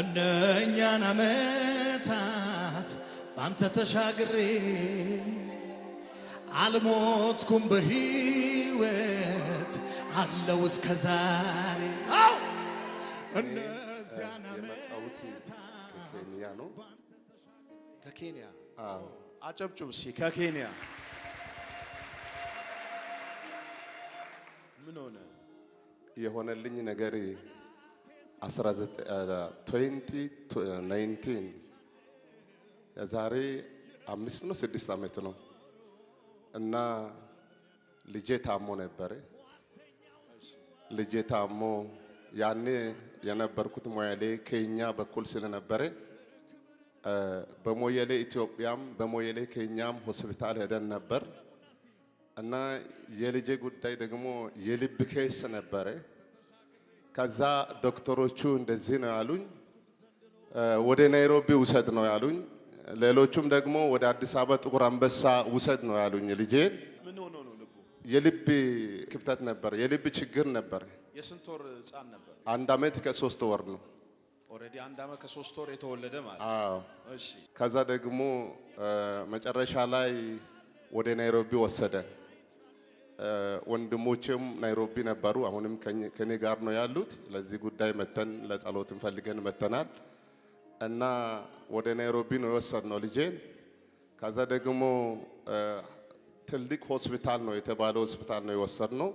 እነኛን አመታት ባንተ ተሻግሬ አልሞትኩም በሕይወት አለው እስከ ዛሬ እነዚያን ከኬንያ አጨብጭብ እስኪ ከኬንያ ምን ሆነ የሆነልኝ ነገር 2019 የዛሬ አምስት ነው ስድስት ዓመት ነው እና ልጄ ታሞ ነበረ። ልጄ ታሞ ያኔ የነበርኩት ሞያሌ ከኛ በኩል ስለነበረ በሞያሌ ኢትዮጵያም በሞያሌ ኬኛም ሆስፒታል ሄደን ነበር እና የልጄ ጉዳይ ደግሞ የልብ ኬስ ነበረ። ከዛ ዶክተሮቹ እንደዚህ ነው ያሉኝ፣ ወደ ናይሮቢ ውሰድ ነው ያሉኝ። ሌሎቹም ደግሞ ወደ አዲስ አበባ ጥቁር አንበሳ ውሰድ ነው ያሉኝ። ልጄ የልብ ክፍተት ነበር፣ የልብ ችግር ነበር። የስንት ወር ህጻን ነበር? አንድ አመት ከሶስት ወር ነው። ኦልሬዲ አንድ አመት ከሶስት ወር የተወለደ ማለት። አዎ። እሺ። ከዛ ደግሞ መጨረሻ ላይ ወደ ናይሮቢ ወሰደ። ወንድሞችም ናይሮቢ ነበሩ፣ አሁንም ከኔ ጋር ነው ያሉት። ለዚህ ጉዳይ መተን ለጸሎት እንፈልገን መተናል እና ወደ ናይሮቢ ነው የወሰድነው ልጄን። ከዛ ደግሞ ትልቅ ሆስፒታል ነው የተባለ ሆስፒታል ነው የወሰድነው።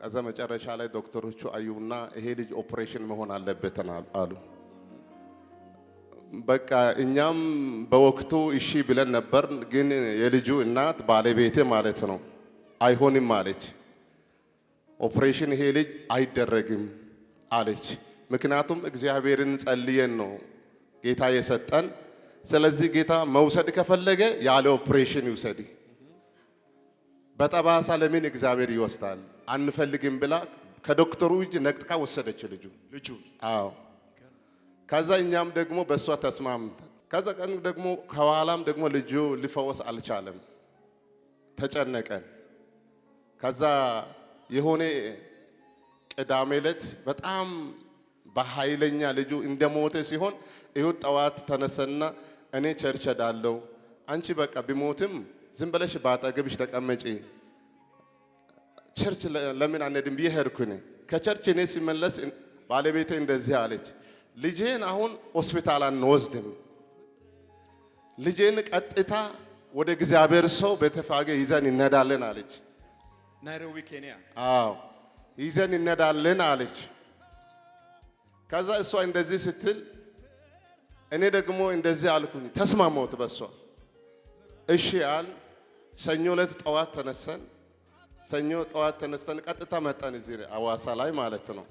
ከዛ መጨረሻ ላይ ዶክተሮቹ አዩና ይሄ ልጅ ኦፕሬሽን መሆን አለበት አሉ። በቃ እኛም በወቅቱ እሺ ብለን ነበር። ግን የልጁ እናት ባለቤቴ ማለት ነው አይሆንም አለች። ኦፕሬሽን ይሄ ልጅ አይደረግም አለች። ምክንያቱም እግዚአብሔርን ጸልየን ነው ጌታ የሰጠን። ስለዚህ ጌታ መውሰድ ከፈለገ ያለ ኦፕሬሽን ይውሰድ። በጠባሳ ለምን እግዚአብሔር ይወስዳል? አንፈልግም ብላ ከዶክተሩ እጅ ነቅጥቃ ወሰደች ልጁ ልጁ። አዎ። ከዛ እኛም ደግሞ በእሷ ተስማምተ ከዛ ቀን ደግሞ ከኋላም ደግሞ ልጁ ሊፈወስ አልቻለም፣ ተጨነቀን። ከዛ የሆነ ቅዳሜ ዕለት በጣም በኃይለኛ ልጁ እንደሞተ ሲሆን እሁድ ጠዋት ተነሰና እኔ ቸርች ሄዳለሁ፣ አንቺ በቃ ቢሞትም ዝም ብለሽ በአጠገብሽ ተቀመጪ፣ ቸርች ለምን አንሄድም ብዬ ሄድኩ። ከቸርች እኔ ሲመለስ ባለቤቴ እንደዚህ አለች፣ ልጄን አሁን ሆስፒታል አንወስድም፣ ልጄን ቀጥታ ወደ እግዚአብሔር ሰው ቤተፋጌ ይዘን እንሄዳለን አለች። ናይሮቢ ኬንያ። አዎ ይዘን እንሄዳለን አለች። ከዛ እሷ እንደዚህ ስትል እኔ ደግሞ እንደዚህ አልኩኝ። ተስማማሁት በእሷ እሺ አል ሰኞ ዕለት ጠዋት ተነሰን ሰኞ ጠዋት ተነስተን ቀጥታ መጣን እዚህ አዋሳ ላይ ማለት ነው።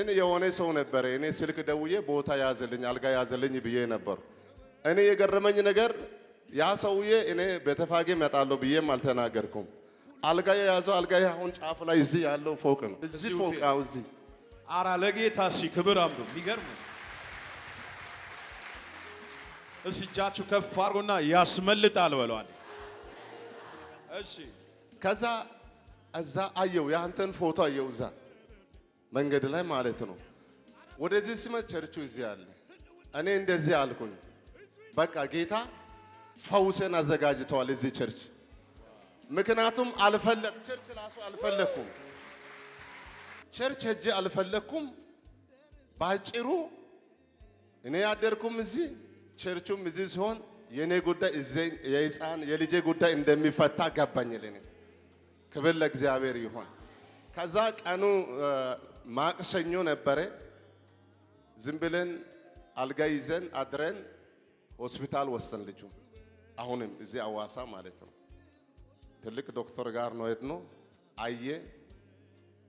እኔ የሆነ ሰው ነበረ እኔ ስልክ ደውዬ ቦታ ያዘልኝ አልጋ ያዘልኝ ብዬ ነበር። እኔ የገረመኝ ነገር ያ ሰውዬ እኔ በተፋጌ መጣለሁ ብዬም አልተናገርኩም። አልጋ የያዘው አልጋ አሁን ጫፍ ላይ እዚህ ያለው ፎቅ ነው። እዚህ ፎቅ ያው እዚህ አራ ለጌታ ሲ ክብር አምዱ የሚገርም እስ እጃችሁ ከፍ አድርጎና ያስመልጣል በለዋል። እሺ ከዛ እዛ አየው የአንተን ፎቶ አየው እዛ መንገድ ላይ ማለት ነው። ወደዚህ ስመት ቸርቹ እዚህ አለ። እኔ እንደዚህ አልኩኝ፣ በቃ ጌታ ፈውሴን አዘጋጅተዋል እዚህ ቸርች ምክንያቱም አልፈለግ ቸርች ራሱ አልፈለግኩም፣ ቸርች ሄጄ አልፈለግኩም። ባጭሩ እኔ ያደርኩም እዚህ ቸርቹም እዚህ ሲሆን የእኔ ጉዳይ የህፃን የልጄ ጉዳይ እንደሚፈታ ገባኝል ለኔ ክብር ለእግዚአብሔር ይሆን። ከዛ ቀኑ ማቅሰኞ ነበረ። ዝም ብለን አልጋ ይዘን አድረን ሆስፒታል ወሰን ልጁ አሁንም እዚህ አዋሳ ማለት ነው ትልቅ ዶክተር ጋር ነው የት ነው አየ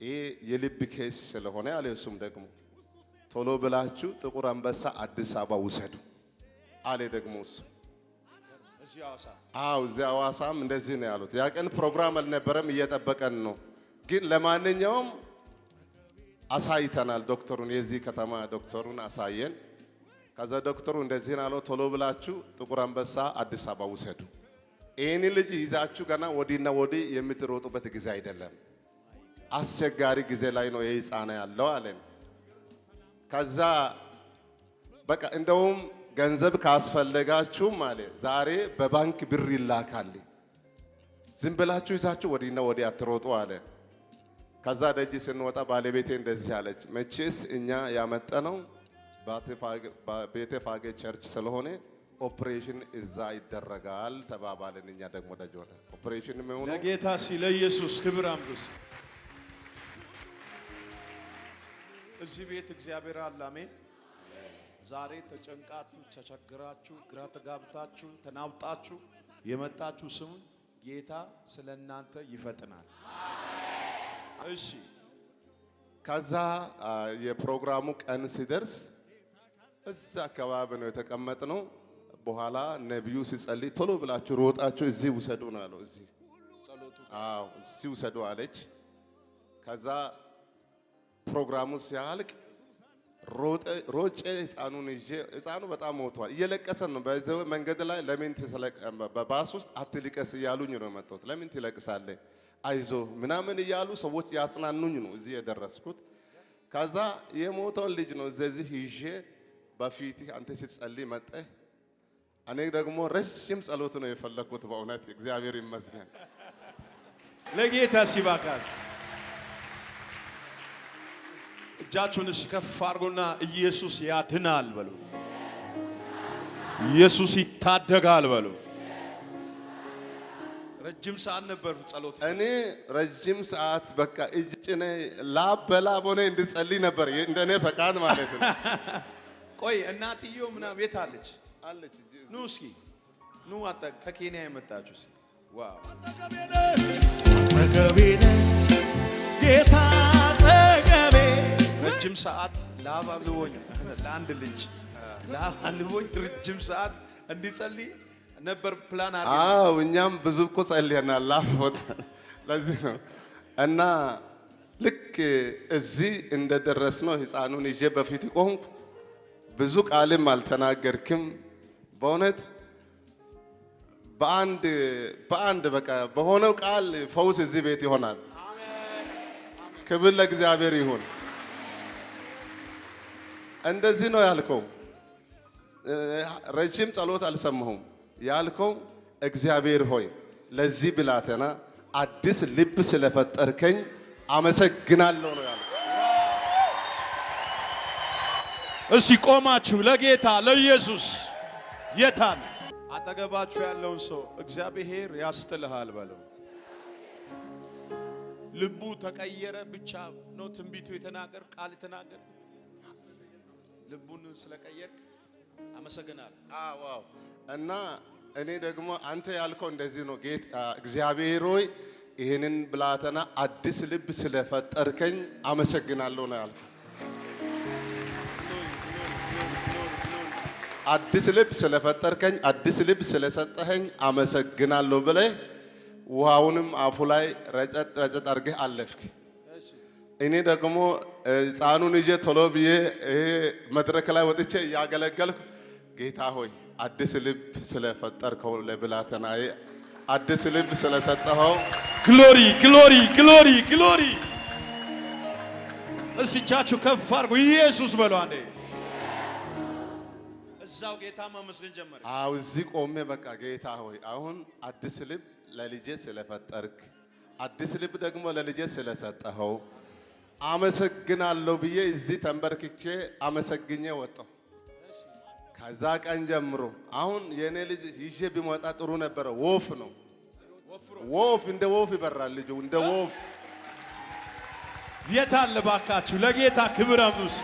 ይሄ የልብ ኬስ ስለሆነ አለ። እሱም ደግሞ ቶሎ ብላችሁ ጥቁር አንበሳ አዲስ አበባ ውሰዱ አለ። ደግሞ እሱ አዎ፣ እዚያ ሐዋሳም እንደዚህ ነው ያሉት። ያ ቀን ፕሮግራም አልነበረም፣ እየጠበቀን ነው። ግን ለማንኛውም አሳይተናል። ዶክተሩን የዚህ ከተማ ዶክተሩን አሳየን። ከዛ ዶክተሩ እንደዚህ አለው፣ ቶሎ ብላችሁ ጥቁር አንበሳ አዲስ አበባ ውሰዱ ይህን ልጅ ይዛችሁ ገና ወዲህና ወዲህ የምትሮጡበት ጊዜ አይደለም። አስቸጋሪ ጊዜ ላይ ነው ይህ ሕፃን ያለው አለን። ከዛ በቃ እንደውም ገንዘብ ካስፈለጋችሁም አለ ዛሬ በባንክ ብር ይላካል። ዝም ብላችሁ ይዛችሁ ወዲህና ወዲህ አትሮጡ አለ። ከዛ ደጅ ስንወጣ ባለቤቴ እንደዚህ አለች፣ መቼስ እኛ ያመጠነው ቤተፋጌ ቸርች ስለሆነ ኦፕሬሽን እዛ ይደረጋል ተባባልን። እኛ ደግሞ ደጅ ወጣ ኦፕሬሽን የሚሆኑ ለጌታ ሲለ ኢየሱስ ክብር አምዱስ እዚህ ቤት እግዚአብሔር አላሜ ዛሬ ተጨንቃችሁ፣ ተቸግራችሁ፣ ግራ ተጋብታችሁ፣ ተናውጣችሁ የመጣችሁ ስሙን ጌታ ስለ እናንተ ይፈጥናል። እሺ ከዛ የፕሮግራሙ ቀን ሲደርስ እዛ አካባቢ ነው የተቀመጥነው። በኋላ ነቢዩ ሲጸልይ ቶሎ ብላችሁ ሮጣችሁ እዚህ ውሰዱ አለው። እዚህ አዎ፣ እዚህ ውሰዱ አለች። ከዛ ፕሮግራሙ ሲያልቅ ሮጬ ህፃኑን ይዤ ህፃኑ በጣም ሞቷል። እየለቀሰ ነው። በዚ መንገድ ላይ ለምን በባስ ውስጥ አትልቀስ እያሉኝ ነው የመጣሁት። ለምን ትለቅሳለ አይዞ ምናምን እያሉ ሰዎች ያጽናኑኝ ነው እዚህ የደረስኩት። ከዛ የሞተውን ልጅ ነው እዚህ ይዤ በፊት አንተ ስትጸልይ መጠህ እኔ ደግሞ ረዥም ጸሎት ነው የፈለግኩት። በእውነት እግዚአብሔር ይመስገን። ለጌታ ሲባካል እጃችሁን ከፍ አድርጉና ኢየሱስ ያድናል በሉ። ኢየሱስ ይታደጋል በሉ። ረጅም ሰዓት ነበር ጸሎት። እኔ ረጅም ሰዓት በቃ እጅ ጭኔ ላብ በላብ ሆነ እንድጸልይ ነበር እንደኔ ፈቃድ ማለት ነው። ቆይ እናትየው ምናምን የት አለች? አለች ኑ እስኪ ኑ ከኬንያ የመጣችሁ እስኪ ጌታ አጠገቤ ረጅም ሰዓት ላብ አልቦኝ ለአንድ ልጅ ላብ አልቦኝ ረጅም ሰዓት እንዲጸልይ ነበር ፕላን አለ። አዎ እኛም ብዙ እኮ ጸልየናል ላብ ቦታ ለዚህ ነው እና ልክ እዚህ እንደደረስነው ህፃኑን ይዤ በፊት ቆምኩ። ብዙ ቃልም አልተናገርክም በእውነት በአንድ በአንድ በቃ በሆነው ቃል ፈውስ እዚህ ቤት ይሆናል። ክብር ለእግዚአብሔር ይሁን። እንደዚህ ነው ያልከው። ረጅም ጸሎት አልሰማሁም ያልከው እግዚአብሔር ሆይ ለዚህ ብላቴና አዲስ ልብ ስለፈጠርከኝ አመሰግናለሁ ነው ያለው። እስኪ ቆማችሁ ለጌታ ለኢየሱስ የታል? አጠገባችሁ ያለውን ሰው እግዚአብሔር ያስትልሃል በለው። ልቡ ተቀየረ ብቻ ነው ትንቢቱ የተናገር ቃል የተናገር ልቡን ስለቀየር አመሰግናል። እና እኔ ደግሞ አንተ ያልከው እንደዚህ ነው። ጌት እግዚአብሔር ሆይ ይህንን ብላተና አዲስ ልብ ስለፈጠርከኝ አመሰግናለሁ ነው ያልከው። አዲስ ልብ ስለፈጠርከኝ፣ አዲስ ልብ ስለሰጠኸኝ አመሰግናለሁ ብለህ ውሃውንም አፉ ላይ ረጨጥ ረጨጥ አድርገህ አለፍክ። እኔ ደግሞ ሕፃኑን ይዤ ቶሎ ብዬ መድረክ ላይ ወጥቼ እያገለገልኩ ጌታ ሆይ አዲስ ልብ ስለፈጠርከው ለብላቴናዬ አዲስ ልብ ስለሰጠኸው ግሎሪ ግሎሪ ግሎሪ ግሎሪ። እስቻችሁ ከፍ አድርጉ ኢየሱስ በሏ። እዛው ጌታ ማመስገን ጀመረ። አዎ እዚህ ቆሜ በቃ ጌታ ሆይ አሁን አዲስ ልብ ለልጄ ስለፈጠርክ አዲስ ልብ ደግሞ ለልጄ ስለሰጠኸው አመሰግናለሁ ብዬ እዚህ ተንበርክቼ አመሰግኜ ወጣሁ። ከዛ ቀን ጀምሮ አሁን የእኔ ልጅ ይዤ ቢመጣ ጥሩ ነበረ። ወፍ ነው ወፍ፣ እንደ ወፍ ይበራል ልጁ እንደ ወፍ። የት አለ ባካችሁ? ለጌታ ክብር አምሱ።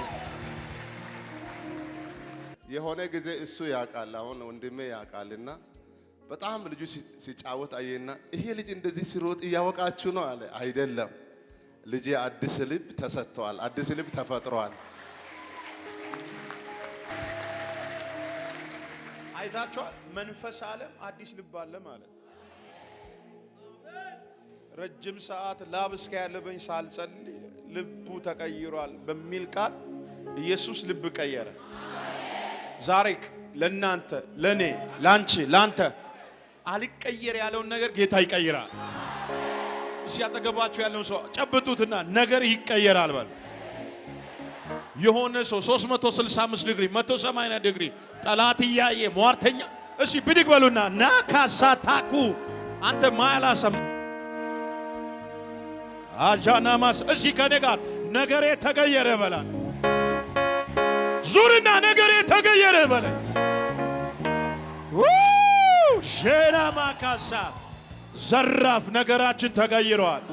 የሆነ ጊዜ እሱ ያውቃል፣ አሁን ወንድሜ ያውቃልና በጣም ልጁ ሲጫወት አየና ይሄ ልጅ እንደዚህ ሲሮጥ እያወቃችሁ ነው አለ። አይደለም ልጅ አዲስ ልብ ተሰጥቷል፣ አዲስ ልብ ተፈጥሯል። አይታችኋል። መንፈስ ዓለም አዲስ ልብ አለ ማለት ረጅም ሰዓት ላብ ያለበኝ ሳልጸልይ ልቡ ተቀይሯል በሚል ቃል ኢየሱስ ልብ ቀየረ። ዛሬ ለእናንተ፣ ለእኔ፣ ለአንቺ፣ ላንተ አልቀየር ያለውን ነገር ጌታ ይቀይራል። ሲያጠገባችሁ ያለውን ሰው ጨብጡትና ነገር ይቀየራል በል። የሆነ ሰው 365 ዲግሪ 180 ዲግሪ ጠላት እያየ ሟርተኛ እሺ ብድግ በሉና ና አንተ ማያላሰም አጃናማስ እሺ ከኔ ጋር ነገሬ ተቀየረ በላል ዙርና ነገሬ ተገየረ በለ ሼና ማካሳ ዘራፍ ነገራችን ተቀይረዋል።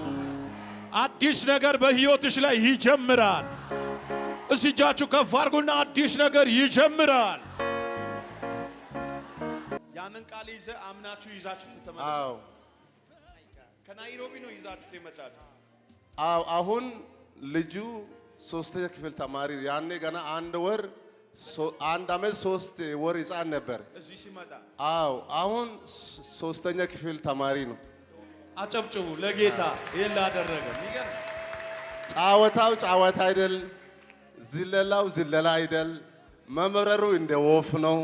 አዲስ ነገር በሕይወትሽ ላይ ይጀምራል። እስቲ እጃችሁ ከፍ አድርጉና አዲስ ነገር ይጀምራል። ያንን ቃል ይዘ አምናችሁ ይዛችሁ ተመለሰ። ከናይሮቢ ነው ይዛችሁ ተመጣጣ። አሁን ልጁ ሶስተኛ ክፍል ተማሪ ያኔ ገና አንድ ወር አንድ አመት ሶስት ወር ህፃን ነበር። እዚህ ሲመጣ አዎ፣ አሁን ሶስተኛ ክፍል ተማሪ ነው። አጨብጭቡ ለጌታ ይህን ላደረገ። ጫወታው ጫወታ አይደል፣ ዝለላው ዝለላ አይደል፣ መምረሩ እንደ ወፍ ነው።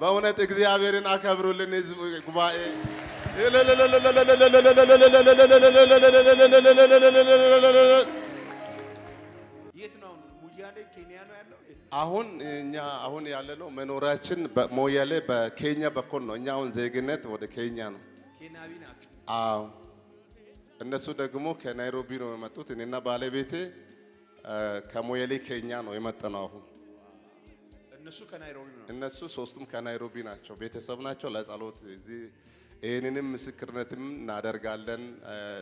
በእውነት እግዚአብሔርን አከብሩልን ህዝብ ጉባኤ ል ላይ ኬንያ ነው ያለው። አሁን እኛ አሁን ያለነው መኖሪያችን ሞያሌ በኬንያ በኩል ነው። እኛ አሁን ዜግነት ወደ ኬንያ ነው። ኬንያዊ ናችሁ? አዎ። እነሱ ደግሞ ከናይሮቢ ነው የመጡት። እኔና ባለቤቴ ከሞያሌ ኬንያ ነው የመጣ ነው። አሁን እነሱ ከናይሮቢ ነው። እነሱ ሶስቱም ከናይሮቢ ናቸው፣ ቤተሰብ ናቸው። ለጸሎት እዚህ ይህንንም ምስክርነትም እናደርጋለን።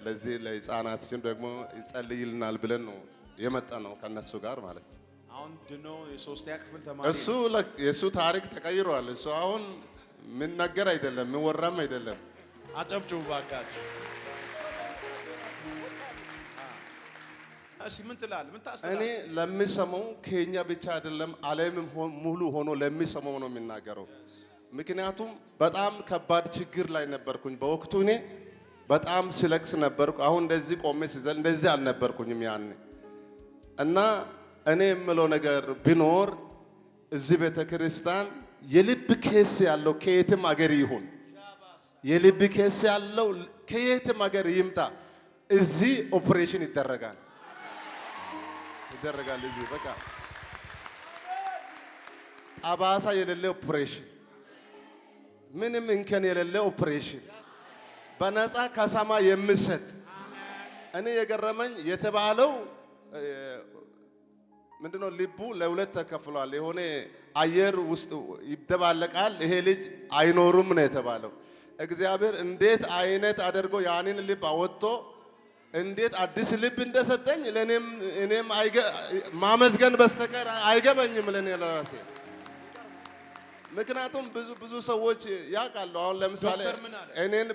ለዚህ ለህፃናት ደግሞ ይጸልይልናል ብለን ነው የመጣ ነው ከነሱ ጋር ማለት ነው። እሱ የእሱ ታሪክ ተቀይሯል። እሱ አሁን ምን ነገር አይደለም፣ ምን ወራም አይደለም። አጨብጭቡ ባካችሁ። እኔ ለሚሰማው ከኛ ብቻ አይደለም ዓለም ሙሉ ሆኖ ለሚሰማው ነው የሚናገረው። ምክንያቱም በጣም ከባድ ችግር ላይ ነበርኩኝ በወቅቱ እኔ በጣም ሲለክስ ነበርኩ። አሁን እንደዚህ ቆሜ ሲዘል እንደዚህ አልነበርኩኝም ያኔ እና እኔ የምለው ነገር ቢኖር እዚህ ቤተ ክርስቲያን የልብ ኬስ ያለው ከየትም አገር ይሁን፣ የልብ ኬስ ያለው ከየትም አገር ይምጣ፣ እዚህ ኦፕሬሽን ይደረጋል ይደረጋል። እዚህ በቃ ጠባሳ የሌለ ኦፕሬሽን፣ ምንም እንከን የሌለ ኦፕሬሽን በነፃ ከሰማይ የምሰጥ እኔ የገረመኝ የተባለው ምንድነው ልቡ ለሁለት ተከፍሏል። የሆነ አየር ውስጥ ይደባለቃል። ይሄ ልጅ አይኖርም ነው የተባለው። እግዚአብሔር እንዴት አይነት አድርጎ ያንን ልብ አወጥቶ እንዴት አዲስ ልብ እንደሰጠኝ እኔም ማመዝገን በስተቀር አይገበኝም ለኔ ለራሴ። ምክንያቱም ብዙ ብዙ ሰዎች ያውቃሉ። አሁን ለምሳሌ እኔን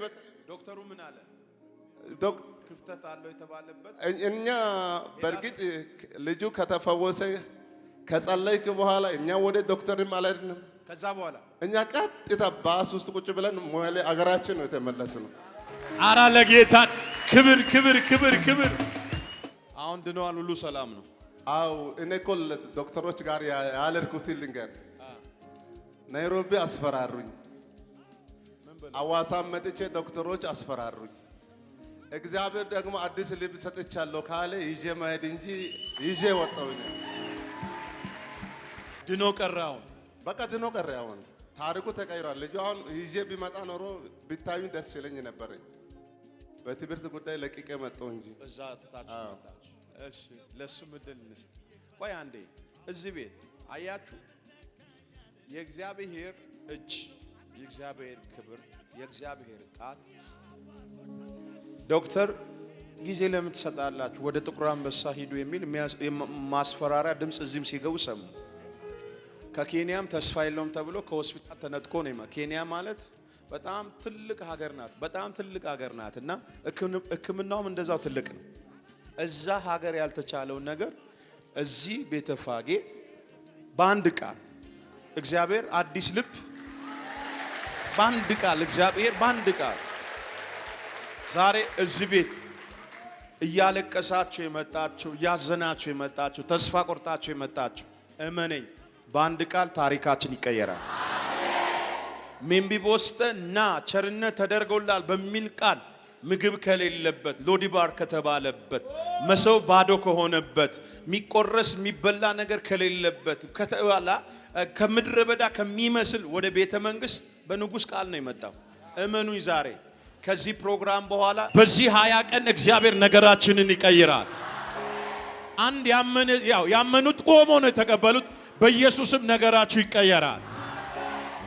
ዶክተሩ ምን አለ ክፍተት አለው የተባለበት እኛ በእርግጥ ልጁ ከተፈወሰ ከጸለይክ በኋላ እኛ ወደ ዶክተርም አልሄድንም። ከዛ በኋላ እኛ ቀጥታ ባስ ውስጥ ቁጭ ብለን ሞያሌ አገራችን ነው የተመለስነው። አራ ለጌታ ክብር ክብር ክብር ክብር። አሁን ድነዋል፣ ሁሉ ሰላም ነው። አው እኔ እኮ ዶክተሮች ጋር ያለድኩት ልንገር፣ ናይሮቢ አስፈራሩኝ፣ አዋሳ መጥቼ ዶክተሮች አስፈራሩኝ። እግዚአብሔር ደግሞ አዲስ ልብ ሰጥቻለሁ ካለ ይዤ መሄድ እንጂ ይዤ ነ ድኖ ቀረ። አሁን በቃ ድኖ ቀረ። አሁን ታሪኩ ተቀይሯል። ልጁ አሁን ይዤ ቢመጣ ኖሮ ቢታዩኝ ደስ ይለኝ ነበር። በትምህርት ጉዳይ ለቅቄ መጣሁ እንጂ እዛ ተታችሁ እሺ ለሱ ምድል እንስጥ። ቆይ አንዴ እዚህ ቤት አያችሁ፣ የእግዚአብሔር እጅ፣ የእግዚአብሔር ክብር፣ የእግዚአብሔር ጣት ዶክተር ጊዜ ለምን ትሰጣላችሁ? ወደ ጥቁር አንበሳ ሂዱ የሚል ማስፈራሪያ ድምፅ እዚህም ሲገቡ ሰሙ። ከኬንያም ተስፋ የለውም ተብሎ ከሆስፒታል ተነጥቆ ነው። ኬንያ ማለት በጣም ትልቅ ሀገር ናት። በጣም ትልቅ ሀገር ናት እና ሕክምናውም እንደዛው ትልቅ ነው። እዛ ሀገር ያልተቻለውን ነገር እዚህ ቤተፋጌ በአንድ ቃል እግዚአብሔር አዲስ ልብ፣ በአንድ ቃል እግዚአብሔር በአንድ ቃል ዛሬ እዚህ ቤት እያለቀሳችሁ የመጣችሁ እያዘናችሁ የመጣችሁ ተስፋ ቆርጣችሁ የመጣችሁ እመነኝ፣ በአንድ ቃል ታሪካችን ይቀየራል። ሜምቢ ና ቸርነት ተደርጎላል በሚል ቃል ምግብ ከሌለበት ሎዲባር ከተባለበት መሰው ባዶ ከሆነበት የሚቆረስ የሚበላ ነገር ከሌለበት ከተባላ ከምድረ በዳ ከሚመስል ወደ ቤተ መንግስት በንጉሥ ቃል ነው የመጣው። እመኑኝ ዛሬ ከዚህ ፕሮግራም በኋላ በዚህ ሀያ ቀን እግዚአብሔር ነገራችንን ይቀይራል። አንድ ያመኑት ቆሞ ነው የተቀበሉት። በኢየሱስም ነገራችሁ ይቀየራል።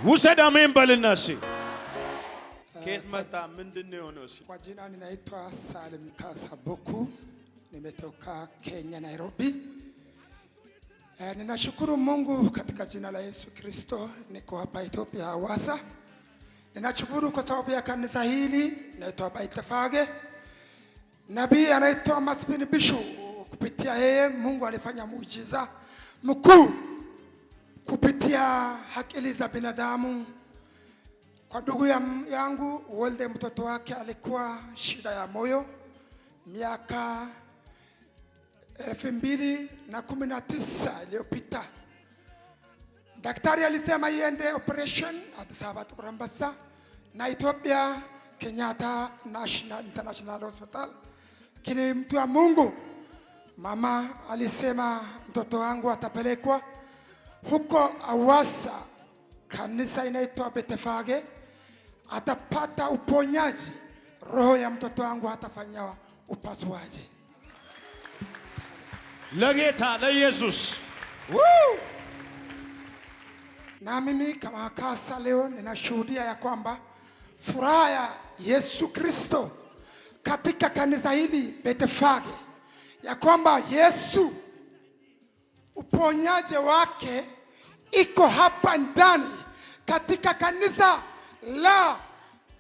ውሰድ አሜን በልና እስኪ ከየት መጣ? ምንድን ነው የሆነው? እስኪ kwa jina ninaitwa Salim Kasabuku nimetoka Kenya Nairobi ninashukuru Mungu katika jina la Yesu Kristo niko hapa Ethiopia Hawassa Ninashukuru kwa sababu ya kanisa hili inaitwa Baitefage. Nabii anaitwa Masbin Bishu, kupitia yeye Mungu alifanya muujiza mkuu kupitia akili za binadamu. Kwa ndugu ya yangu Wolde, mtoto wake alikuwa shida ya moyo miaka elfu mbili na kumi na tisa iliyopita. Daktari alisema iende operation Addis Ababa, Tukura na Ethiopia Kenyatta National International Hospital. Kini mtu wa Mungu, mama alisema mtoto wangu atapelekwa huko Awasa, kanisa inaitwa Betefage, atapata uponyaji. Roho ya mtoto wangu atafanya upasuaji. Legeta la Yesus. Woo! Na mimi kama kasa leo ninashuhudia ya kwamba furaha ya Yesu Kristo katika kanisa hili Betefage, ya kwamba Yesu uponyaje wake iko hapa ndani katika kanisa la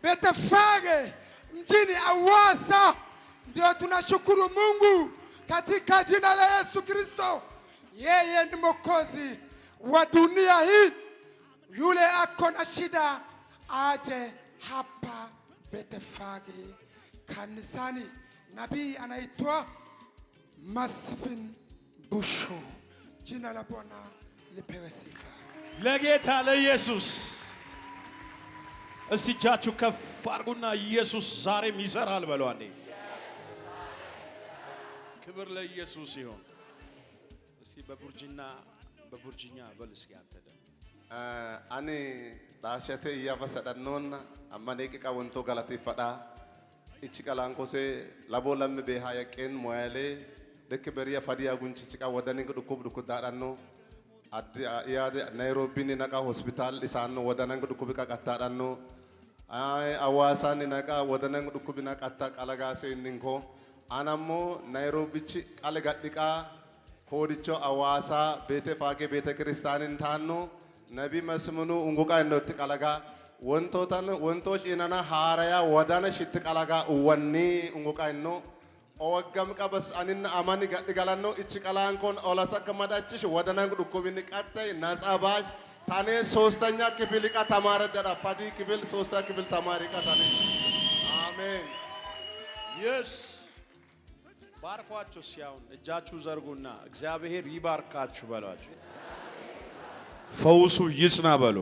betefage mjini Awasa. Ndio tunashukuru Mungu katika jina la Yesu Kristo. Yeye ni Mwokozi wa dunia hii. Yule ako na shida aje hapa Bethfage kanisani. Nabii anaitwa Masvin Busho. Jina la Bwana lipewe sifa. ለጌታ ለኢየሱስ እስቲ እጃችሁ ከፍ አድርጉና ኢየሱስ ዛሬም ይሰራል በሏኔ። ክብር ለኢየሱስ ይሁን። እስቲ በቡርጅና በቡርጅኛ በል እስኪ አንተ ደግሞ እኔ dhaashatee yaafa sadhannoon amma neeqiqaa wantoo galateeffadhaa. Ichi qalaan kosee laboo lamme beehaa yaqqeen mooyalee dikki beriya fadiyaa gunchichiqaa wadaniin dhukkub dhukkuddaadhannoo addi yaade naayiroobbiin naqaa hospitaal isaannoo wadanan dhukkubi qaqattaadhannoo hawaasaan naqaa wadanan dhukkubi naqattaa qalagaasee innin koo anammoo naayiroobbichi qale gadhiqaa koodichoo hawaasaa beete faagee beete kiristaanin taannoo ነቢ መስምኑ እንጉቃ እንደት ቀለጋ ወንቶታን ወንቶች ኢነና ሀራያ ወዳነ ሽት ቀለጋ ወኒ እንጉቃ ኖ ኦወገም ቀበስ አኒና አማኒ ገድ ገላኖ እች ቀላንኮን ኦላሳ ከመዳችሽ ወደናን ዱኩብን ቀጠይ ነጻባሽ ታኔ ሶስተኛ ክፍል ቃ ተማረ ደራ ፋዲ ክፍል ሶስተኛ ክፍል ተማሪ ቃ ታኔ አሜን የስ ባርኳችሁ ሲያውን እጃችሁ ዘርጉና እግዚአብሔር ይባርካችሁ በሏችሁ። ፈውሱ ይጽና በሉ።